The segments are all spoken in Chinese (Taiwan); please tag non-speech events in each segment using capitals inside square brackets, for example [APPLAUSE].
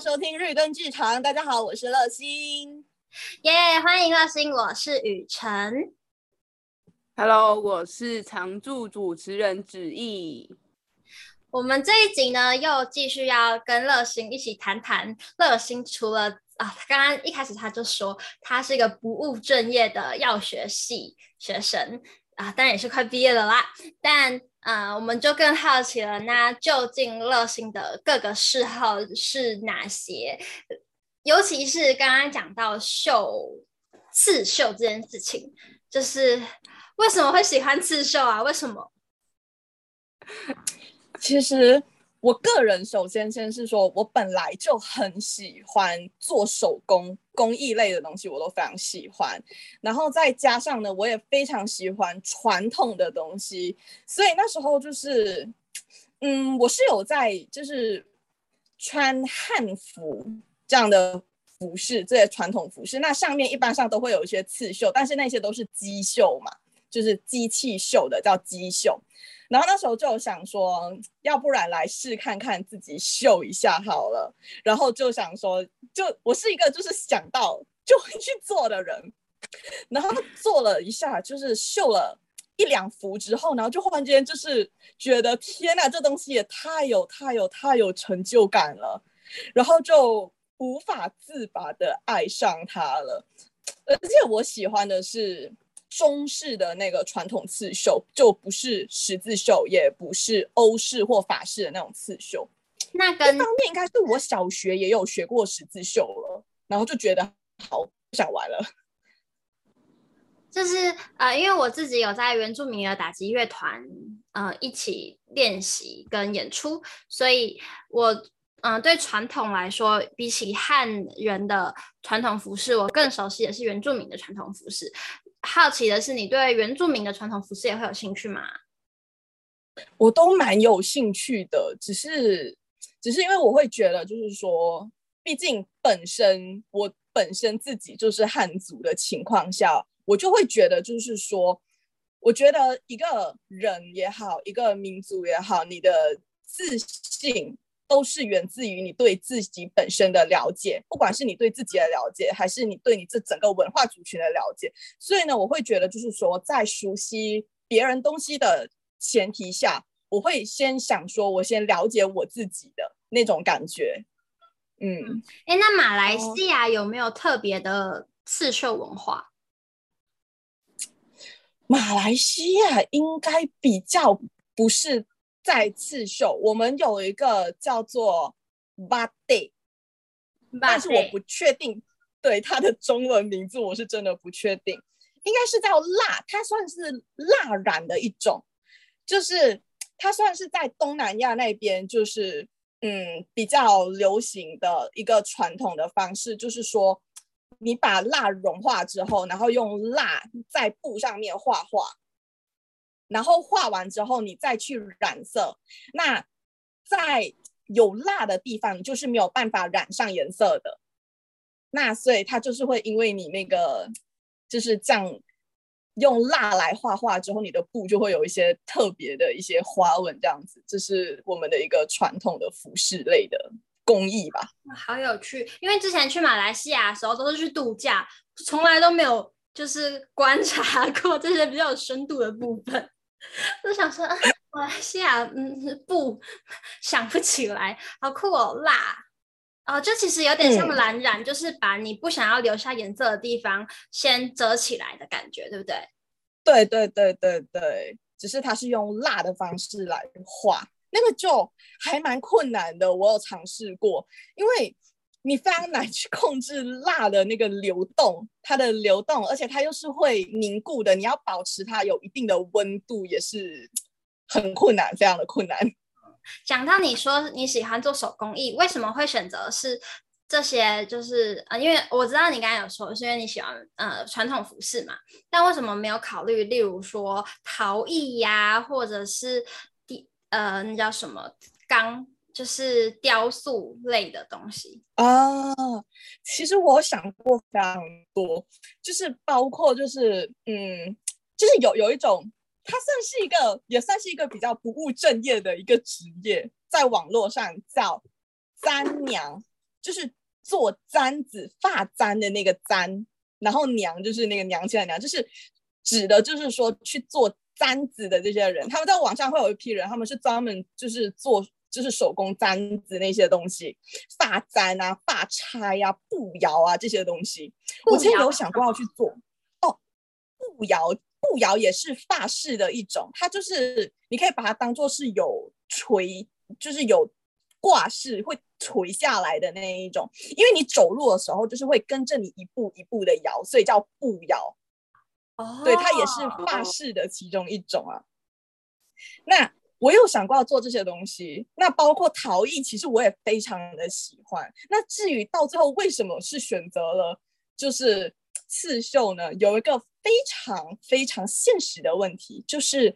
收聽日更劇場，大家好，我是樂馨，耶，yeah, 歡迎樂馨，我是雨辰，Hello，我是常駐主持人子毅。我們這一集呢，又繼續要跟樂馨一起談談，樂馨除了啊，剛剛一開始他就說，他是一個不務正業的藥學系學生啊，當然也是快畢業了啦，但啊、呃，我們就更好奇了。那究竟樂馨的各個嗜好是哪些？尤其是剛剛講到繡刺繡這件事情，就是為什麼會喜歡刺繡啊？為什麼？其實。我個人首先先是說，我本來就很喜歡做手工工藝類的東西，我都非常喜歡。然後再加上呢，我也非常喜歡傳統的東西，所以那時候就是，嗯，我是有在就是穿漢服這樣的服飾，這些傳統服飾，那上面一般上都會有一些刺繡，但是那些都是機繡嘛，就是機器繡的，叫機繡。然後那時候就想說，要不然來試看看自己繡一下好了。然後就想說，就我是一個就是想到就會去做的人。然後做了一下，就是繡了一兩幅之後，然後就忽然間就是覺得天哪，這東西也太有太有太有成就感了。然後就無法自拔的愛上它了。而且我喜歡的是。中式的那個傳統刺繡，就不是十字繡，也不是歐式或法式的那種刺繡。那跟這方面應該是我小學也有學過十字繡了，然後就覺得好不想玩了。就是呃，因為我自己有在原住民的打擊樂團，呃，一起練習跟演出，所以我嗯、呃，對傳統來說，比起漢人的傳統服飾，我更熟悉也是原住民的傳統服飾。好奇的是，你對原住民的傳統服飾也會有興趣嗎？我都蠻有興趣的，只是只是因為我會覺得，就是說，畢竟本身我本身自己就是漢族的情況下，我就會覺得，就是說，我覺得一個人也好，一個民族也好，你的自信。都是源自於你對自己本身的了解，不管是你對自己的了解，還是你對你這整個文化族群的了解。所以呢，我會覺得就是說，在熟悉別人東西的前提下，我會先想說，我先了解我自己的那種感覺。嗯，誒，那馬來西亞有沒有特別的刺繡文化？哦。馬來西亞應該比較不是。在刺繡，我們有一個叫做 batik，batik，但是我不確定對它的中文名字，我是真的不確定，應該是叫蠟，它算是蠟染的一種，就是它算是在東南亞那邊，就是嗯比較流行的一個傳統的方式，就是說你把蠟融化之後，然後用蠟在布上面畫畫。然後畫完之後，你再去染色。那在有蠟的地方，就是沒有辦法染上顏色的。那所以它就是會因為你那個就是這樣用蠟來畫畫之後，你的布就會有一些特別的一些花紋，這樣子。這是我們的一個傳統的服飾類的工藝吧。好有趣，因為之前去馬來西亞的時候都是去度假，從來都沒有就是觀察過這些比較有深度的部分。 [LAUGHS] 我想說、啊、我來西嗯，不想不起來。好酷哦，蠟哦，這其實有點像藍染，嗯、就是把你不想要留下顏色的地方先遮起來的感覺，對不對？對對對對對，只是它是用蠟的方式來畫，那個就還蠻困難的。我有嘗試過，因為。你非常難去控制蠟的那個流動，它的流動，而且它又是會凝固的，你要保持它有一定的溫度也是很困難，非常的困難。講到你說你喜歡做手工藝，為什麼會選擇是這些？就是啊，呃，因為我知道你剛才有說，是因為你喜歡呃傳統服飾嘛。但為什麼沒有考慮，例如說陶藝呀，或者是第呃那叫什麼鋼？就是雕塑類的東西啊，哦，其實我想過非常多，就是包括就是嗯，就是有有一種，它算是一個也算是一個比較不務正業的一個職業，在網絡上叫簪娘，就是做簪子髮簪的那個簪，然後娘就是那個娘親的娘，就是指的就是說去做簪子的這些人，他們在網上會有一批人，他們是專門就是做。就是手工簪子那些東西，髮簪啊、髮釵啊、步搖啊這些東西，步搖。我之前有想過要去做。哦，步搖，步搖也是髮飾的一種，它就是你可以把它當做是有垂，就是有掛飾會垂下來的那一種，因為你走路的時候就是會跟着你一步一步的搖，所以叫步搖。哦，對，它也是髮飾的其中一種啊。那。我有想過要做這些東西，那包括陶藝，其實我也非常的喜歡。那至於到最後為什麼是選擇了就是刺繡呢？有一個非常非常現實的問題，就是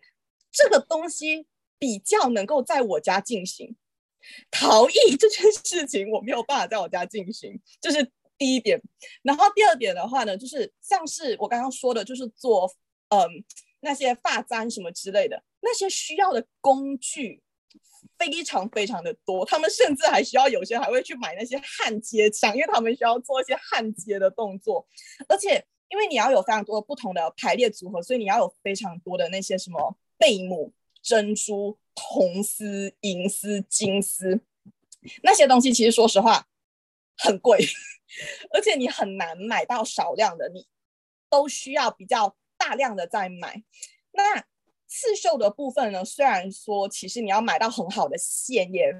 這個東西比較能夠在我家進行。陶藝這件事情我沒有辦法在我家進行，這、就是第一點。然後第二點的話呢，就是像是我剛剛說的，就是做嗯。那些髮簪什麼之類的，那些需要的工具非常非常的多。他們甚至還需要，有些還會去買那些焊接槍，因為他們需要做一些焊接的動作。而且，因為你要有非常多的不同的排列組合，所以你要有非常多的那些什麼貝母、珍珠、銅絲、銀絲、金絲那些東西，其實說實話很貴，而且你很難買到少量的。你都需要比較。大量的在買，那刺繡的部分呢，雖然說其實你要買到很好的線也，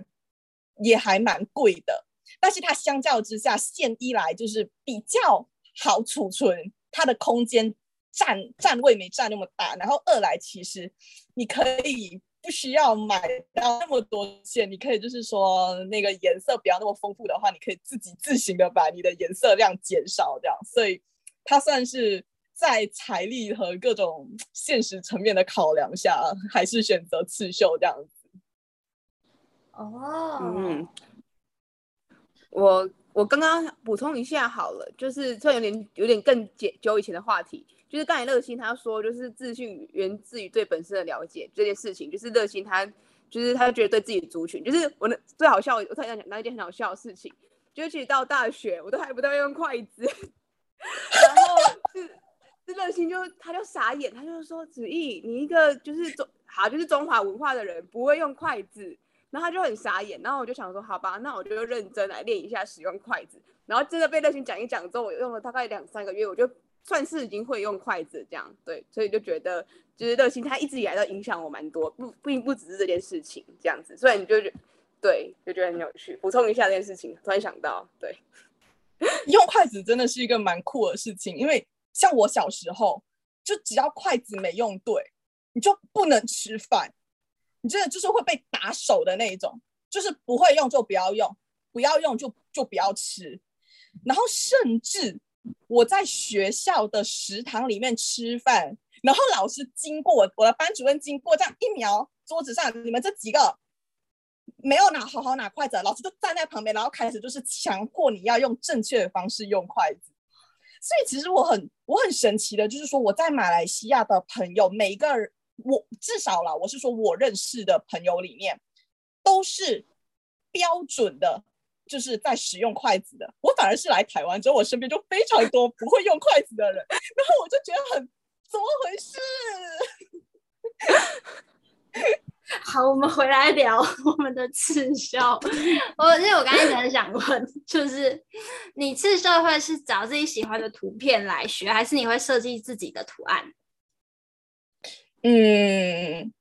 也也還蠻貴的，但是它相較之下，線一來就是比較好儲存，它的空間占占位沒占那麼大，然後二來其實你可以不需要買到那麼多線，你可以就是說那個顏色不要那麼豐富的話，你可以自己自行的把你的顏色量減少掉。所以它算是。在財力和各種現實層面的考量下，還是選擇刺繡這樣子。哦，嗯，我我剛剛補充一下好了，就是雖然有點有點更解，久以前的話題，就是剛才樂馨他說，就是自信源自於對本身的了解這件事情，就是樂馨他就是他覺得對自己的族群，就是我那最好笑，我突然講到一件很好笑的事情，就是其實到大學我都還不太會用筷子， [LAUGHS] 然後、就是。 [LAUGHS] 是樂馨就，就他就傻眼，他就說 [NOISE] 子毅，你一個就是中好，就是中華文化的人，不會用筷子，然後他就很傻眼，然後我就想說，好吧，那我就認真來練一下使用筷子。然後真的被樂馨講一講之後，我用了大概兩三個月，我就算是已經會用筷子這樣，對，所以就覺得就是樂馨，他一直以來都影響我蠻多，不，並不只是這件事情這樣子，所以你就覺得對，就覺得很有趣。補充一下這件事情，突然想到，對， [LAUGHS] 用筷子真的是一個蠻酷的事情，因為。像我小時候，就只要筷子沒用對，你就不能吃飯，你真的就是會被打手的那一種，就是不會用就不要用，不要用就就不要吃。然後甚至我在學校的食堂裡面吃飯，然後老師經過我，我的班主任經過，這樣一瞄桌子上，你們這幾個沒有拿好好拿筷子，老師就站在旁邊，然後開始就是強迫你要用正確的方式用筷子。所以其實我很我很神奇的，就是說我在馬來西亞的朋友，每一個人，我至少啦，我是說我認識的朋友裡面，都是標準的，就是在使用筷子的。我反而是來台灣之後，我身邊就非常多不會用筷子的人， [LAUGHS] 然後我就覺得很，怎麼回事？好，我們回來聊我們的刺繡。 [LAUGHS] [LAUGHS] 我因為我剛才很想問， [LAUGHS] 就是你刺繡會是找自己喜歡的圖片來學，還是你會設計自己的圖案？嗯，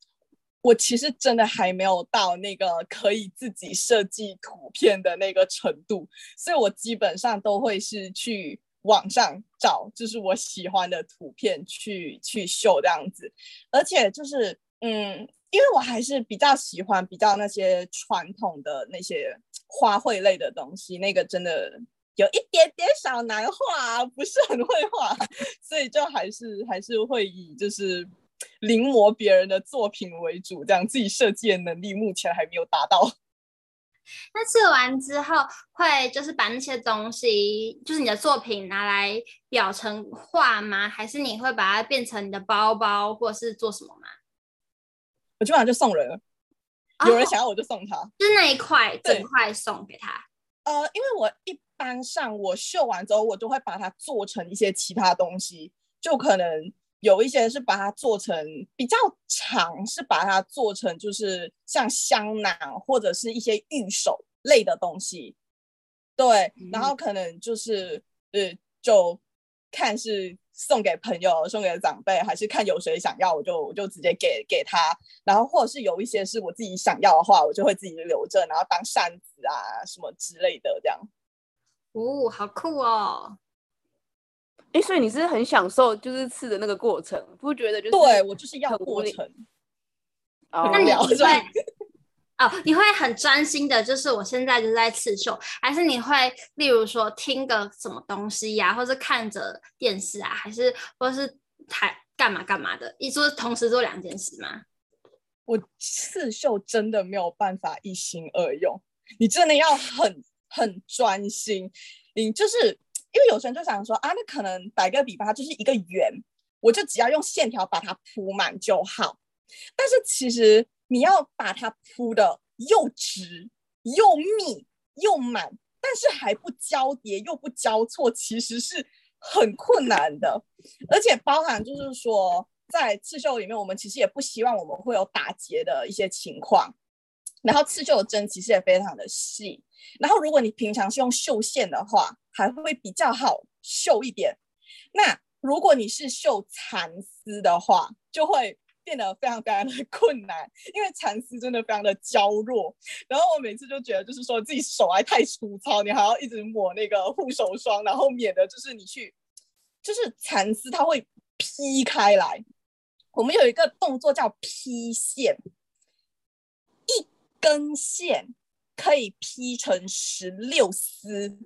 我其實真的還沒有到那個可以自己設計圖片的那個程度，所以我基本上都會是去網上找，就是我喜歡的圖片去去繡這樣子。而且就是嗯。因為我還是比較喜歡比較那些傳統的那些花卉類的東西，那個真的有一點點小難畫，不是很會畫，所以就還是還是會以就是臨摹別人的作品為主，這樣。自己設計的能力目前還沒有達到。那測完之後，會就是把那些東西，就是你的作品拿來裱成畫嗎？還是你會把它變成你的包包，或者是做什麼嗎？我基本上就送人了，oh, 有人想要我就送他，就那一塊整塊送給他。呃，uh, 因為我一般上我繡完之後，我都會把它做成一些其他東西，就可能有一些是把它做成、mm hmm. 比較長，是把它做成就是像香囊或者是一些玉手類的東西。對，然後可能就是、mm hmm. 呃，就看是。送給朋友，送給長輩，還是看有誰想要，我就我就直接給給他。然後，或者是有一些是我自己想要的話，我就會自己留着，然後當扇子啊什麼之類的這樣。哦，好酷哦！哎，所以你是很享受就是刺的那個過程，不覺得就是？對，我就是要過程。要對、oh.。 [LAUGHS] 哦，你會很專心的，就是我現在就在刺繡，還是你會例如說聽個什麼東西呀，啊，或是看着電視啊，還是或是還幹嘛幹嘛的？你做同時做兩件事嗎？我刺繡真的沒有辦法一心二用，你真的要很很專心。你就是因為有些人就想說啊，那可能打個比方，它就是一個圓，我就只要用線條把它鋪滿就好。但是其實。你要把它鋪的又直又密又滿，但是還不交疊又不交錯，其實是很困難的。而且包含就是說，在刺繡裡面，我們其實也不希望我們會有打結的一些情況。然後刺繡的針其實也非常的細。然後如果你平常是用繡線的話，還會比較好繡一點。那如果你是繡蠶絲的話，就會。變得非常非常的困難，因為蠶絲真的非常的嬌弱。然後我每次就覺得，就是說自己手還太粗糙，你還要一直抹那個護手霜，然後免得就是你去，就是蠶絲它會劈開來。我們有一個動作叫劈線，一根線可以劈成十六絲。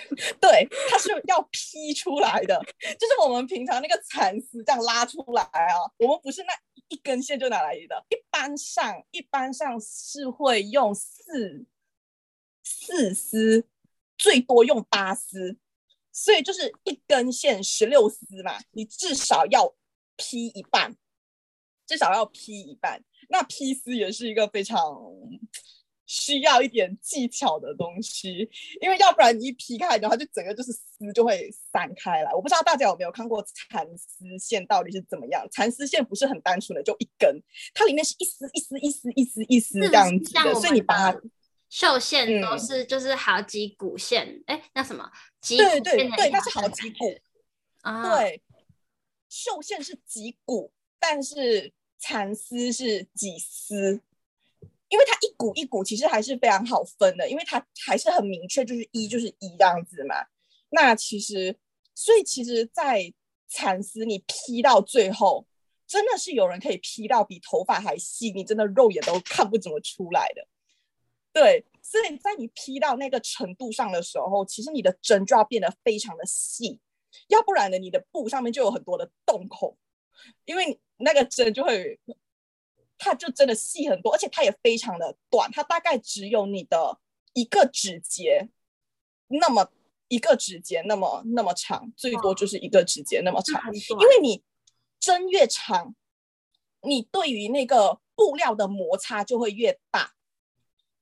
[LAUGHS] 對，它是要劈出來的，就是我們平常那個蠶絲這樣拉出來啊，我們不是那一根線就拿來的。一般上，一般上是會用四四絲，最多用八絲，所以就是一根線十六絲嘛，你至少要劈一半，至少要劈一半。那劈絲也是一個非常。需要一點技巧的東西，因為要不然你一劈開，然後它就整個就是絲就會散開來。我不知道大家有沒有看過蠶絲線到底是怎麼樣？蠶絲線不是很單純的就一根，它裡面是一絲一絲一絲一絲一絲、一絲這樣子的。所以你把它繡線都是就是好幾股線，哎、嗯，那什麼幾股，對對對，它是好幾股啊。哦、對，繡線是幾股，但是蠶絲是幾絲。因為它一股一股，其實還是非常好分的，因為它還是很明確，就是一就是一這樣子嘛。那其實，所以其實，在蠶絲你劈到最後，真的是有人可以劈到比頭髮還細，你真的肉眼都看不怎麼出來的。對，所以在你劈到那個程度上的時候，其實你的針就要變得非常的細，要不然呢，你的布上面就有很多的洞口，因為那個針就會。它就真的細很多，而且它也非常的短，它大概只有你的一個指節那麼一個指節那麼那麼長，最多就是一個指節那麼長。哇因為你針越長，你對於那個布料的摩擦就會越大，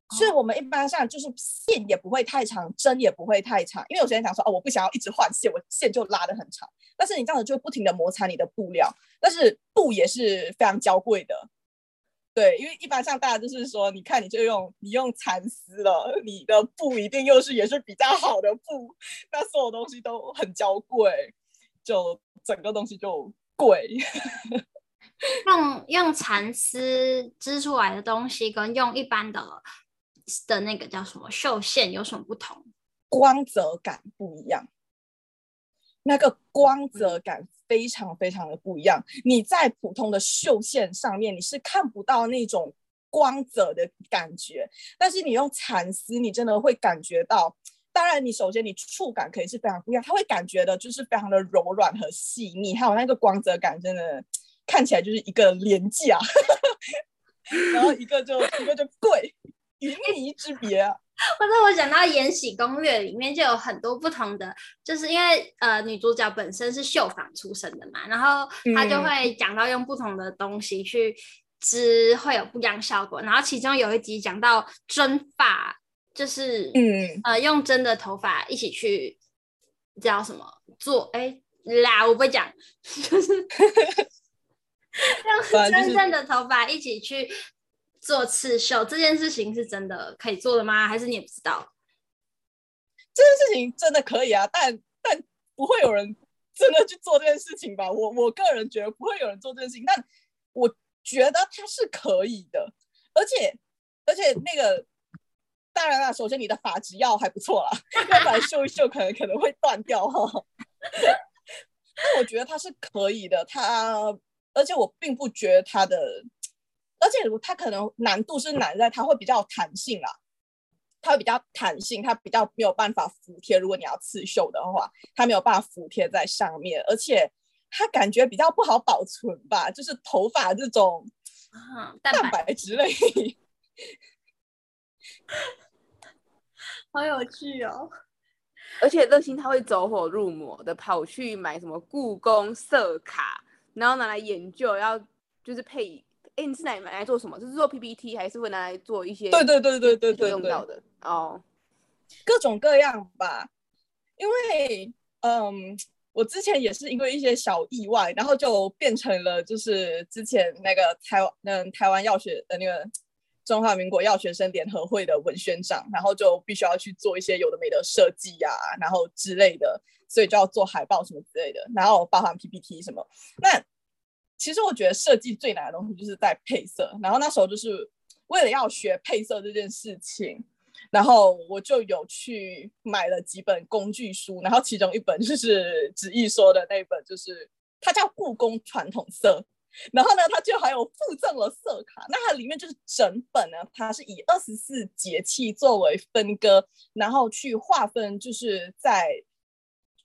哦、所以我們一般上就是線也不會太長，針也不會太長。因為我之前想說哦，我不想要一直換線，我線就拉得很長，但是你這樣子就不停地摩擦你的布料，但是布也是非常嬌貴的。對，因為一般像大家就是說，你看你就用你用蠶絲了，你的布一定又是也是比較好的布，那所有東西都很嬌貴，就整個東西就貴。 [LAUGHS] 用用蠶絲織出來的東西跟用一般的的那個叫什麼繡線有什麼不同？光澤感不一樣，那個光澤感。嗯非常非常的不一樣，你在普通的繡線上面，你是看不到那種光澤的感覺，但是你用蠶絲，你真的會感覺到。當然，你首先你觸感肯定是非常不一樣，它會感覺的就是非常的柔軟和細膩，還有那個光澤感，真的看起來就是一個廉價，然後一個就一個就貴，雲泥之別啊。或者我講到《延禧攻略》裡面就有很多不同的，就是因為呃女主角本身是繡坊出身的嘛，然後她就會講到用不同的東西去織，會有不一樣效果。然後其中有一集講到針法，就是嗯呃用真的頭髮一起去叫什麼做哎、欸、啦，我不講， [LAUGHS] 就是用真正的頭髮一起去。做刺繡這件事情是真的可以做的嗎？還是你也不知道？這件事情真的可以啊，但但不會有人真的去做這件事情吧？我我個人覺得不會有人做這件事情，但我覺得它是可以的，而且而且那個當然啦，首先你的髮質要還不錯啦，要不然繡一繡可能可能會斷掉哈、哦。 [LAUGHS] 但我覺得它是可以的，它而且我並不覺得它的。而且它可能難度是難在它會比較彈性啊，它會比較彈性，性，它比較沒有辦法服帖。如果你要刺繡的話，它沒有辦法服帖在上面，而且它感覺比較不好保存吧，就是頭髮這種啊蛋白之類、啊白，好有趣哦。而且樂馨他會走火入魔的跑去買什麼故宮色卡，然後拿來研究，要就是配。哎，你是拿來做什麼？就是做 PPT，還是會拿來做一些對對對對對對，對用到的哦，oh. 各種各樣吧。因為嗯，我之前也是因為一些小意外，然後就變成了就是之前那個台灣嗯台灣藥學的、呃、那個中華民國藥學生聯合會的文宣長，然後就必須要去做一些有的沒的設計呀、啊，然後之類的，所以就要做海報什麼之類的，然後包含 PPT 什麼那。其實我覺得設計最難的東西就是在配色。然後那時候就是為了要學配色這件事情，然後我就有去買了幾本工具書。然後其中一本就是子毅說的那一本，就是它叫《故宮傳統色》。然後呢，它就還有附贈了色卡。那它裡面就是整本呢，它是以二十四節氣作為分割，然後去劃分，就是在。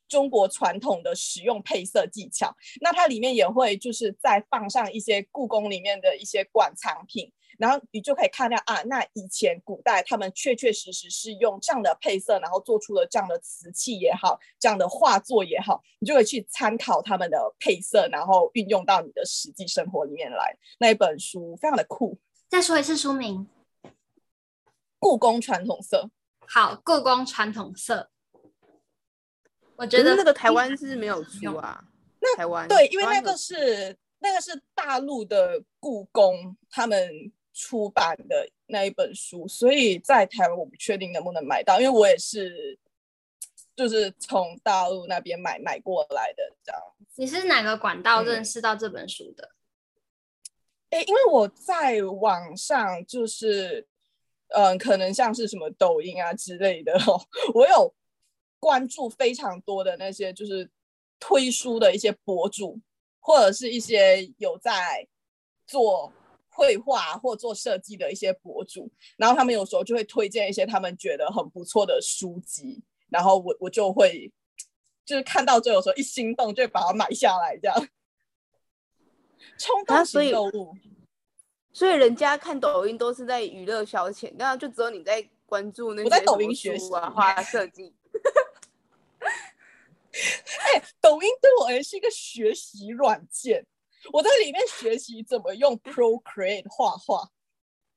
中國傳統的使用配色技巧，那它裡面也會就是再放上一些故宮裡面的一些館藏品，然後你就可以看到啊，那以前古代他們確確實實是用這樣的配色，然後做出了這樣的瓷器也好，這樣的畫作也好，你就可以去參考他們的配色，然後運用到你的實際生活裡面來。那一本書非常的酷。再說一次書名：故宮傳統色。好，故宮傳統色。我覺得那個台灣是沒有出啊， [LAUGHS] 那台灣灣對，因為那個是那個是大陸的故宮他們出版的那一本書，所以在台灣我不確定能不能買到，因為我也是就是從大陸那邊買買過來的這樣。你是哪個管道認識到這本書的？哎、嗯欸，因為我在網上就是嗯、呃，可能像是什麼抖音啊之類的哦，我有。關注非常多的那些就是推書的一些博主，或者是一些有在做繪畫或做設計的一些博主，然後他們有時候就會推薦一些他們覺得很不錯的書籍，然後我我就會就是看到就有時候一心動就把它買下來，這樣衝動型購物。啊，所以，所以人家看抖音都是在娛樂消遣，那就只有你在關注那些我在抖音學習啊、畫設計。哎、欸，抖音對我而言是一個學習軟件，我在裡面學習怎麼用 Procreate 畫畫。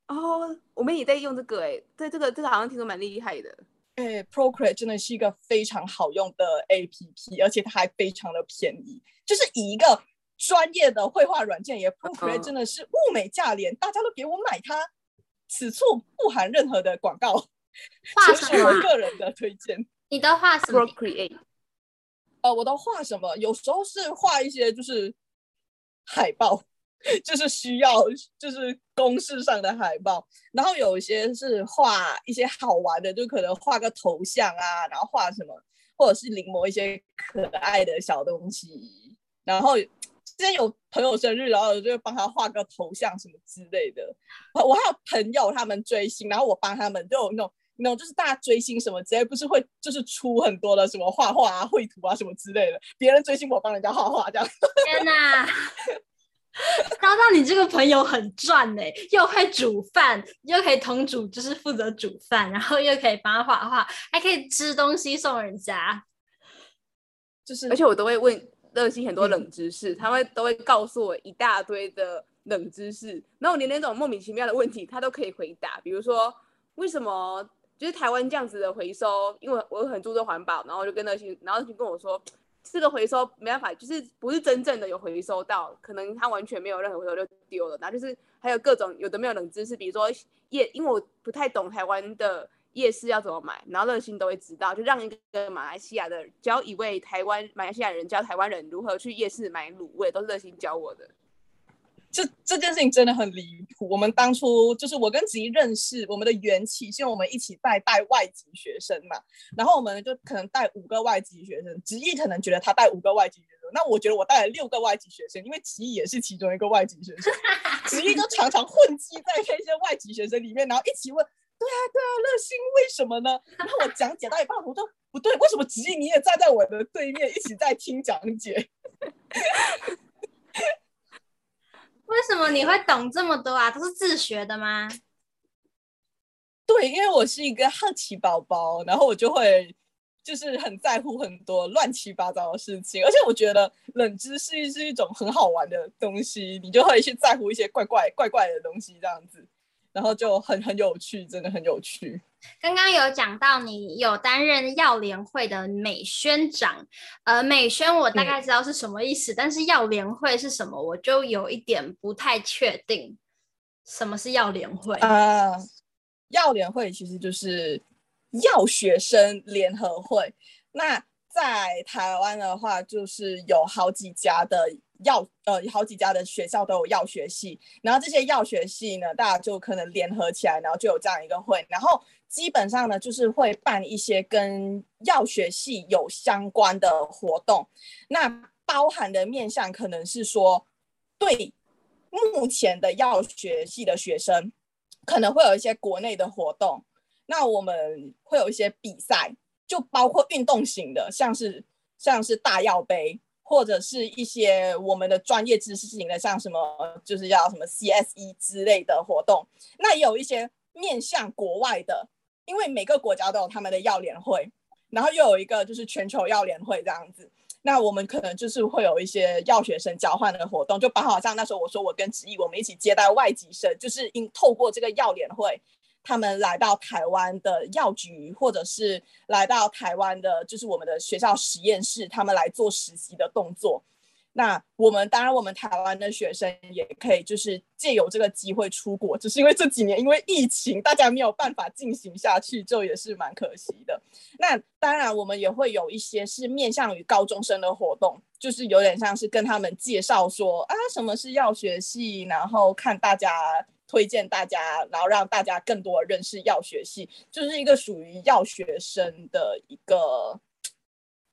哦，oh, 我們也在用這個、欸，哎，對，這個這個好像聽說蠻厲害的。哎、欸，Procreate 真的是一個非常好用的 APP，而且它還非常的便宜，就是以一個專業的繪畫軟件，也 Procreate 真的是物美價廉，oh. 大家都給我買它。此處不含任何的廣告，畫是我個人的推薦。你的畫是 Procreate。我都畫什麼？有時候是畫一些就是海報，就是需要就是公式上的海報。然後有一些是畫一些好玩的，就可能畫個頭像啊，然後畫什麼，或者是臨摹一些可愛的小東西。然後之前有朋友生日，然後我就幫他畫個頭像什麼之類的。我還有朋友他們追星，然後我幫他們就有那種。no，就是大家追星什麼直接不是會就是出很多的什麼畫畫啊、繪圖啊什麼之類的。別人追星，我幫人家畫畫這樣。天哪、啊！難 [LAUGHS] 道，道你這個朋友很賺呢、欸？又會煮飯，又可以同煮，就是負責煮飯，然後又可以幫他畫畫，還可以吃東西送人家。就是，而且我都會問熱心很多冷知識，嗯、他會都會告訴我一大堆的冷知識。然後連那種莫名其妙的問題，他都可以回答。比如說，為什麼？就是臺灣這樣子的回收，因為我很注重環保，然後就跟那些，然後就跟我說，這個回收沒辦法，就是不是真正的有回收到，可能它完全沒有任何回收就丟了。然後就是還有各種有的沒有冷知識，比如說夜，因為我不太懂臺灣的夜市要怎麼買，然後樂馨都會知道，就讓一個馬來西亞的教一位台灣馬來西亞人教台灣人如何去夜市買滷味，都是樂馨教我的。這這件事情真的很離譜。我們當初就是我跟子怡認識，我們的緣起是因為我們一起在帶，帶外籍學生嘛。然後我們就可能帶五個外籍學生，子怡可能覺得他帶五個外籍學生，那我覺得我帶了六個外籍學生，因為子怡也是其中一個外籍學生。子怡 [LAUGHS] 都常常混跡在這些外籍學生裡面，然後一起問：“對啊，對啊，樂馨，為什麼呢？”然後我講解到一半，我說：“不對，為什麼子怡你也站在我的對面一起在聽講解？” [LAUGHS] 為什麼你會懂這麼多啊？都是自學的嗎？對，因為我是一個好奇寶寶，然後我就會就是很在乎很多亂七八糟的事情，而且我覺得冷知識是一種很好玩的東西，你就會去在乎一些怪怪怪怪怪的東西這樣子，然後就很很有趣，真的很有趣。剛剛有講到你有擔任藥聯會的美宣長，呃，美宣我大概知道是什麼意思，嗯，但是藥聯會是什麼，我就有一點不太確定。什麼是藥聯會？呃，藥聯會其實就是藥學生聯合會。那在台灣的話，就是有好幾家的藥，呃，好幾家的學校都有藥學系，然後這些藥學系呢，大家就可能聯合起來，然後就有這樣一個會，然後。基本上呢，就是會辦一些跟藥學系有相關的活動，那包含的面向可能是說，對目前的藥學系的學生，可能會有一些國內的活動，那我們會有一些比賽，就包括運動型的，像是像是大藥杯，或者是一些我們的專業知識型的，像什麼就是要什麼 CSE 之類的活動，那也有一些面向國外的。因為每個國家都有他們的藥聯會，然後又有一個就是全球藥聯會這樣子，那我們可能就是會有一些藥學生交換的活動，就就好像那時候我說我跟植藝我們一起接待外籍生，就是因透過這個藥聯會，他們來到台灣的藥局，或者是來到台灣的，就是我們的學校實驗室，他們來做實習的動作。那我們當然，我們台灣的學生也可以，就是借由這個機會出國。只是因為這幾年因為疫情，大家沒有辦法進行下去，就也是蠻可惜的。那當然，我們也會有一些是面向於高中生的活動，就是有點像是跟他們介紹說啊，什麼是藥學系，然後看大家推薦大家，然後讓大家更多認識藥學系，就是一個屬於藥學生的一個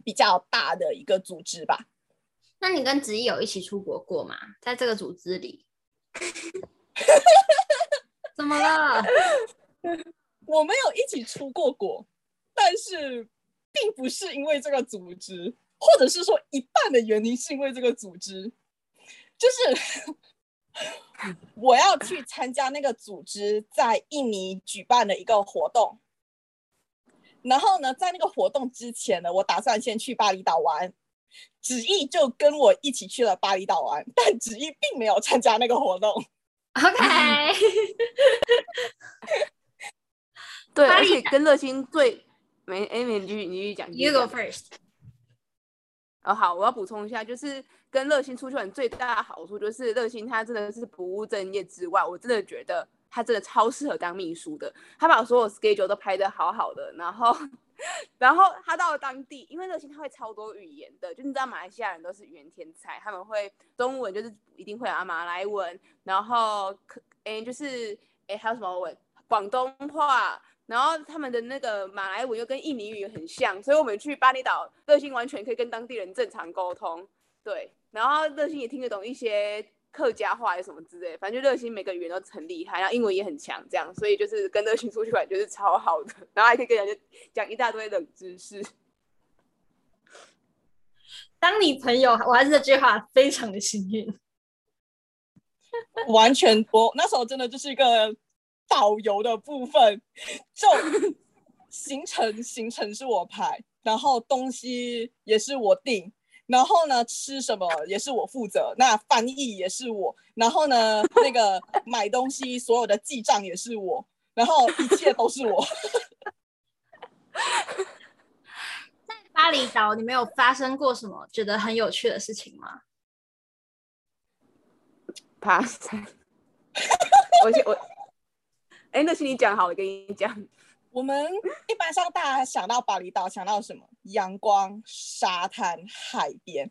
比較大的一個組織吧。那你跟子怡有一起出國過嗎？在這個組織裡， [LAUGHS] 怎麼了？我沒有一起出過國，但是並不是因為這個組織，或者是說一半的原因是因為這個組織，就是我要去參加那個組織在印尼舉辦的一個活動，然後呢，在那個活動之前呢，我打算先去巴厘島玩。子毅就跟我一起去了巴厘島玩，但子毅並沒有參加那個活動。OK，對，而且跟樂馨最沒哎，美、欸、女，你講。You go first。哦，好，我要補充一下，就是跟樂馨出去玩最大的好處，就是樂馨他真的是不務正業之外，我真的覺得他真的超適合當秘書的。他把所有 schedule 都排得好好的，然後。 [LAUGHS] 然後他到了當地，因為樂馨他會超多語言的，就是、你知道馬來西亞人都是語言天才，他們會中文就是一定會啊，馬來文，然後哎就是哎還有什麼文，廣東話，然後他們的那個馬來文又跟印尼語很像，所以我們去巴厘島，樂馨完全可以跟當地人正常溝通，對，然後樂馨也聽得懂一些。客家話還是什麼之類，反正就熱心，每個語言都很厲害，然後英文也很強，這樣，所以就是跟熱心出去玩就是超好的，然後還可以跟人家講一大堆冷知識。當你朋友玩這句話，非常的幸運。完全，我那時候真的就是一個導遊的部分，就行程行程是我排，然後東西也是我定。然後呢，吃什麼也是我負責，那翻譯也是我，然後呢，那個買東西 [LAUGHS] 所有的記賬也是我，然後一切都是我。 [LAUGHS] 在巴厘島，你沒有發生過什麼覺得很有趣的事情嗎？Past， [LAUGHS] 我我，哎，那是你講好，我跟你講。我們一般上大家想到巴厘島想到什麼？陽光、沙灘、海邊，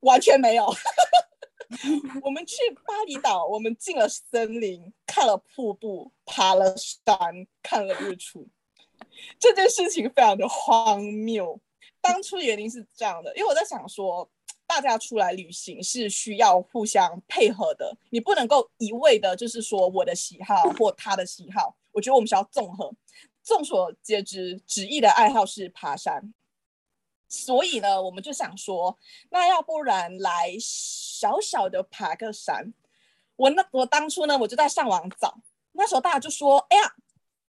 完全沒有。 [LAUGHS] 我們去巴厘島，我們進了森林，看了瀑布，爬了山，看了日出。這件事情非常的荒謬。當初原因是這樣的，因為我在想說，大家出來旅行是需要互相配合的，你不能夠一味的，就是說我的喜好或他的喜好。我覺得我們想要綜合。眾所皆知，子毅的愛好是爬山，所以呢，我們就想說，那要不然來小小的爬個山。我那我當初呢，我就在上網找，那時候大家就說，哎呀，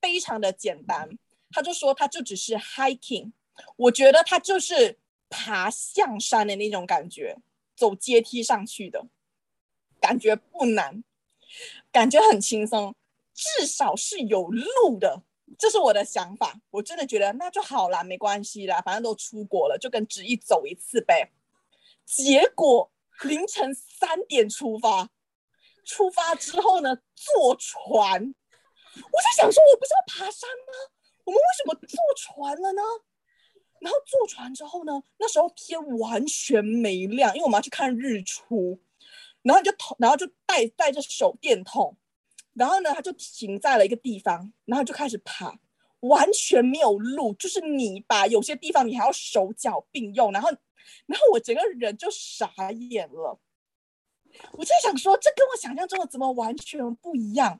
非常的簡單。他就說，他就只是 hiking。我覺得他就是爬象山的那種感覺，走階梯上去的感覺不難，感覺很輕鬆。至少是有路的，這是我的想法。我真的覺得那就好啦，沒關係啦，反正都出國了，就跟旨意走一次唄。結果凌晨三點出發，出發之後呢，坐船。我就想說，我不是要爬山嗎？我們為什麼坐船了呢？然後坐船之後呢，那時候天完全沒亮，因為我們要去看日出，然後你就頭，然後就帶帶着手電筒。然後呢，他就停在了一個地方，然後就開始爬，完全沒有路，就是泥巴。有些地方你還要手腳並用，然後，然後我整個人就傻眼了。我在想說，這跟我想象中的怎麼完全不一樣？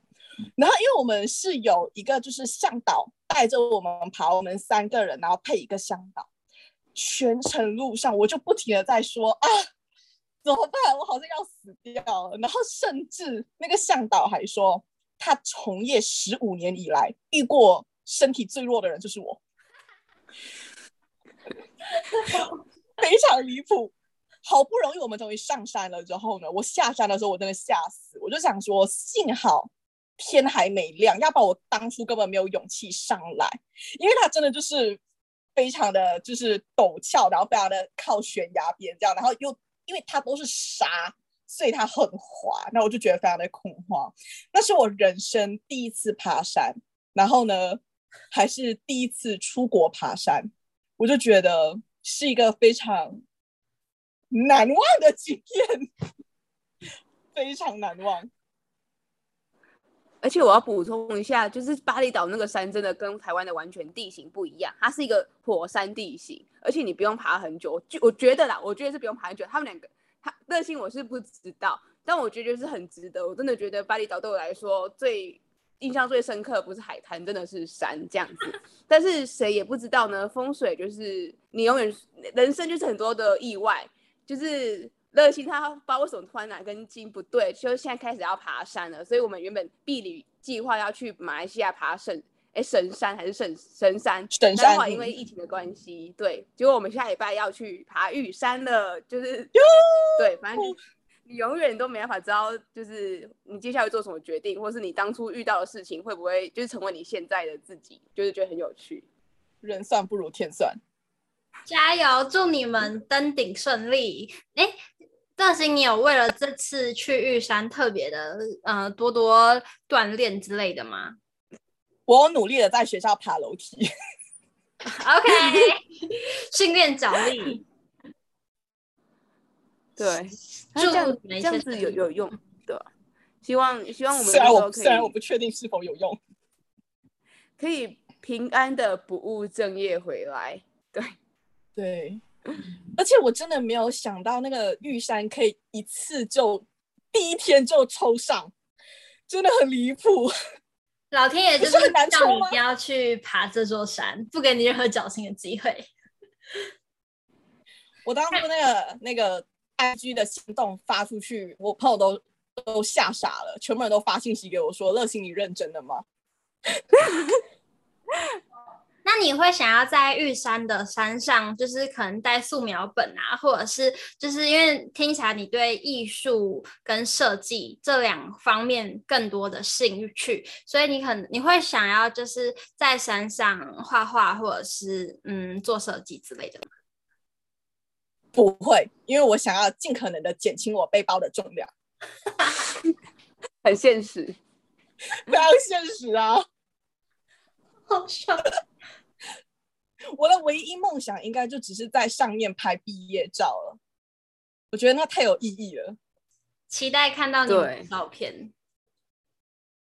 然後，因為我們是有一個就是向導帶着我們爬，我們三個人，然後配一個向導，全程路上我就不停的在說啊。怎麼辦？我好像要死掉了。然後甚至那個向導還說，他從業十五年以來遇過身體最弱的人就是我， [LAUGHS] [LAUGHS] 非常離譜。好不容易我們終於上山了，之後呢，我下山的時候我真的嚇死，我就想說幸好天還沒亮，要不然我當初根本沒有勇氣上來，因為他真的就是非常的就是陡峭，然後非常的靠懸崖邊這樣，然後又。因為它都是沙，所以它很滑。那我就覺得非常的恐慌。那是我人生第一次爬山，然後呢，還是第一次出國爬山，我就覺得是一個非常難忘的經驗， [LAUGHS] 非常難忘。而且我要補充一下，就是巴厘島那個山真的跟台灣的完全地形不一樣，它是一個火山地形，而且你不用爬很久，就我覺得啦，我覺得是不用爬很久。他們兩個，他熱心，我是不知道，但我覺得是很值得。我真的覺得巴厘島對我來說最印象最深刻不是海灘，真的是山這樣子。 [LAUGHS] 但是誰也不知道呢，風水就是你永遠人生就是很多的意外，就是。樂馨，他包知什麼突然哪根筋不對，就現在開始要爬山了。所以我們原本避理計劃要去馬來西亞爬神哎、欸、神山還是神神山神山，神山因為疫情的關係，對。結果我們下禮拜要去爬玉山了，就是呦對，反正你你永遠都沒辦法知道，就是你接下來做什麼決定，或是你當初遇到的事情會不會就是成為你現在的自己，就是覺得很有趣。人算不如天算，加油！祝你們登頂順利。哎、欸。但是你有為了這次去玉山特別的，嗯、呃，多多鍛鍊之類的嗎？我努力的在學校爬樓梯 [LAUGHS] okay。 [LAUGHS] OK，訓練腳力。對，就，樣，這樣就是有這樣有用？對，希望希望我們都可以雖然我雖然我不確定是否有用，可以平安的不務正業回來。對，對。而且我真的沒有想到那個玉山可以一次就第一天就抽上，真的很離譜。老天爺就是叫你不要去爬這座山， [LAUGHS] 不給你任何僥幸的機會。我當初那個那個 IG 的行動發出去，我朋友都都嚇傻了，全部人都發信息給我說，說樂馨你認真的嗎？ [LAUGHS] 那你會想要在玉山的山上，就是可能帶素描本啊，或者是，就是因為聽起來你對藝術跟設計這兩方面更多的興趣，所以你可能你會想要就是在山上畫畫，或者是嗯做設計之類的嗎？不會，因為我想要盡可能的減輕我背包的重量， [LAUGHS] 很現實，非常現實啊， [LAUGHS] 好爽。我的唯一夢想應該就只是在上面拍畢業照了，我覺得那太有意義了。期待看到你的照片。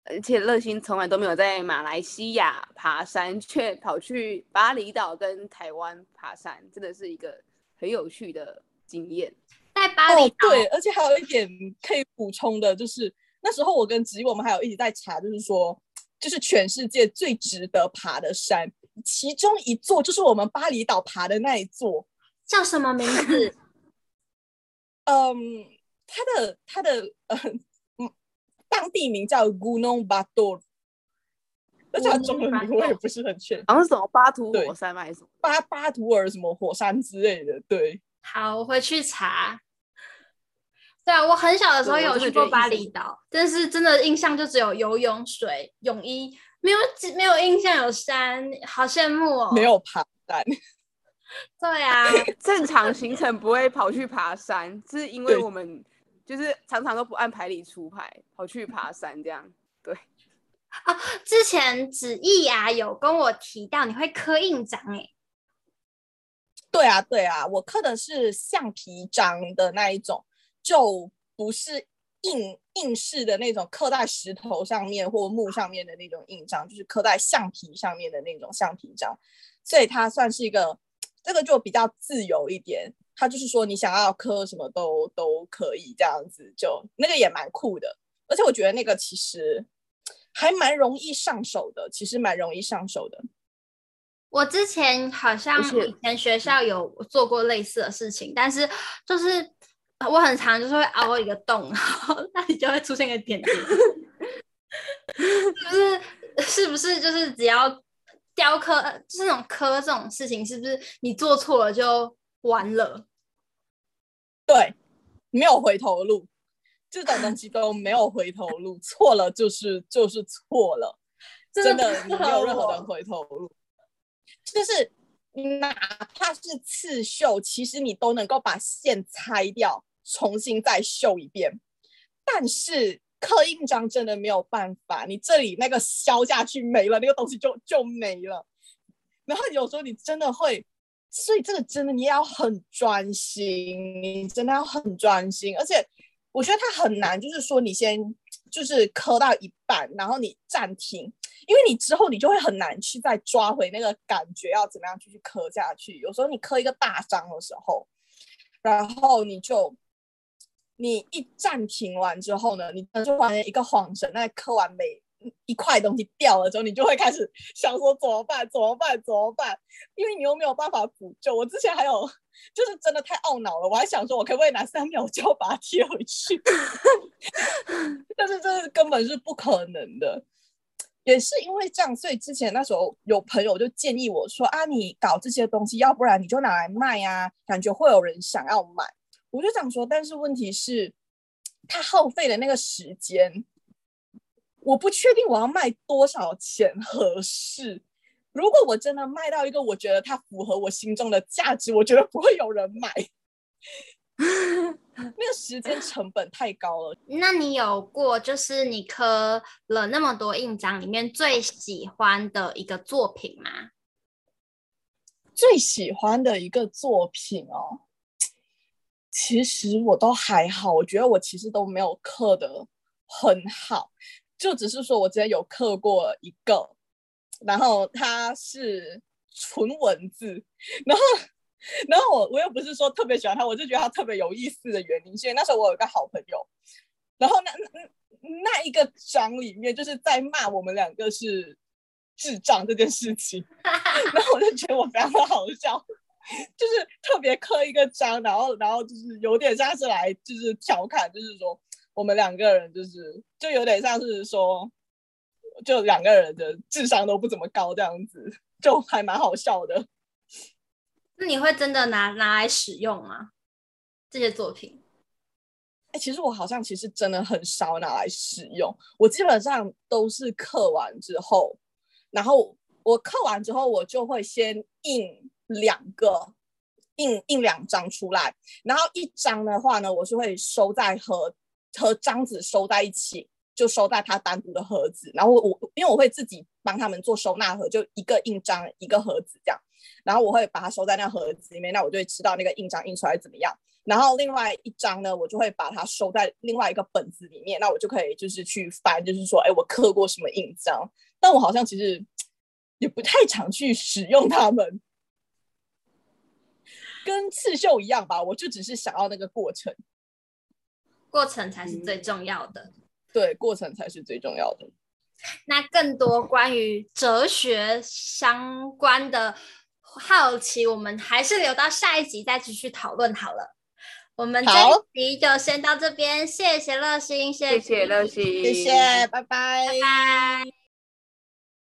而且樂馨從來都沒有在馬來西亞爬山，卻跑去巴厘島跟台灣爬山，真的是一個很有趣的經驗。在巴厘島。哦，對，而且還有一點可以補充的，就是那時候我跟植一，我們還有一起在查，就是說，就是全世界最值得爬的山。其中一座就是我們巴厘島爬的那一座，叫什麼名字？嗯、 [LAUGHS] 呃，它的它的嗯嗯、呃，當地名叫 Gunung G Batur，但是它中文名我也不是很確定，好像是什麼巴圖火山吧對，還是什麼巴巴圖爾什麼火山之類的。對，好，我回去查。對啊，我很小的時候有去過巴厘島，但是真的印象就只有游泳、水、泳衣。沒有，沒有印象有山，好羨慕哦！沒有爬山，對啊， [LAUGHS] 正常行程不會跑去爬山， [LAUGHS] 是因為我們就是常常都不按牌理出牌，跑去爬山這樣，對啊。之前子毅啊有跟我提到你會刻印章哎，對啊，對啊，我刻的是橡皮章的那一種，就不是。硬硬式的那種刻在石頭上面或木上面的那種印章，就是刻在橡皮上面的那種橡皮章，所以它算是一個，這個就比較自由一點。它就是說你想要刻什麼都都可以這樣子，就那個也蠻酷的。而且我覺得那個其實還蠻容易上手的，其實蠻容易上手的。我之前好像以前學校有做過類似的事情，嗯、但是就是。我很常就是會凹一個洞，然後那裡就會出現一個點。是不、 [LAUGHS] 就是？是不是？就是只要雕刻這、就是、種刻這種事情，是不是你做錯了就完了？對，沒有回頭路。這種東西都沒有回頭路，錯 [LAUGHS] 了就是就是錯了。真的，真的你沒有任何的回頭的路。就是你哪怕是刺繡，其實你都能夠把線拆掉。重新再繡一遍，但是刻印章真的沒有辦法，你這裡那個削下去沒了，那個東西就就沒了。然後有時候你真的會，所以這個真的你也要很專心，你真的要很專心。而且我覺得它很難，就是說你先就是刻到一半，然後你暫停，因為你之後你就會很難去再抓回那個感覺，要怎麼樣繼續刻下去。有時候你刻一個大章的時候，然後你就。你一暫停完之後呢，你就發現一個恍神，那磕完每一塊東西掉了之後，你就會開始想說怎麼辦？怎麼辦？怎麼辦？因為你又沒有辦法補救。我之前還有，就是真的太懊惱了，我還想說，我可不可以拿三秒就要把它貼回去， [LAUGHS] 但是這是根本是不可能的。也是因為這樣，所以之前那時候有朋友就建議我說啊，你搞這些東西，要不然你就拿來賣啊，感覺會有人想要買。我就想說，但是問題是，它耗費的那個時間，我不確定我要賣多少錢合適。如果我真的賣到一個我覺得它符合我心中的價值，我覺得不會有人買。 [LAUGHS] 那個時間成本太高了。 [LAUGHS] 那你有過就是你刻了那麼多印章裡面最喜歡的一個作品嗎？最喜歡的一個作品哦。其實我都還好，我覺得我其實都沒有刻得很好，就只是說我之前有刻過一個，然後它是純文字，然後然後我我又不是說特別喜歡它，我就覺得它特別有意思的原因，是因為那時候我有一個好朋友，然後那那那一個章裡面就是在罵我們兩個是智障這件事情，然後我就覺得我非常的好笑。 [LAUGHS] 就是特別刻一個章，然後，然後就是有點像是來，就是調侃，就是說我們兩個人，就是就有點像是說，就兩個人的智商都不怎麼高這樣子，就還蠻好笑的。那你會真的拿拿來使用嗎？這些作品？哎、欸，其實我好像其實真的很少拿來使用，我基本上都是刻完之後，然後我刻完之後，我就會先印。兩個印，印兩張出來，然後一張的話呢，我是會收在盒和章子收在一起，就收在它單獨的盒子。然後我因為我會自己幫他們做收納盒，就一個印章一個盒子這樣。然後我會把它收在那盒子裡面，那我就會知道那個印章印出來怎麼樣。然後另外一張呢，我就會把它收在另外一個本子裡面，那我就可以就是去翻，就是說，哎，我刻過什麼印章？但我好像其實也不太常去使用它們。.跟刺繡一樣吧，我就只是想要那個過程，過程才是最重要的。嗯、對，過程才是最重要的。那更多關於哲學相關的好奇，我們還是留到下一集再繼續討論好了。我們這一集就先到這邊，好謝謝樂馨，謝謝，謝，謝樂馨，謝謝，拜拜，拜拜。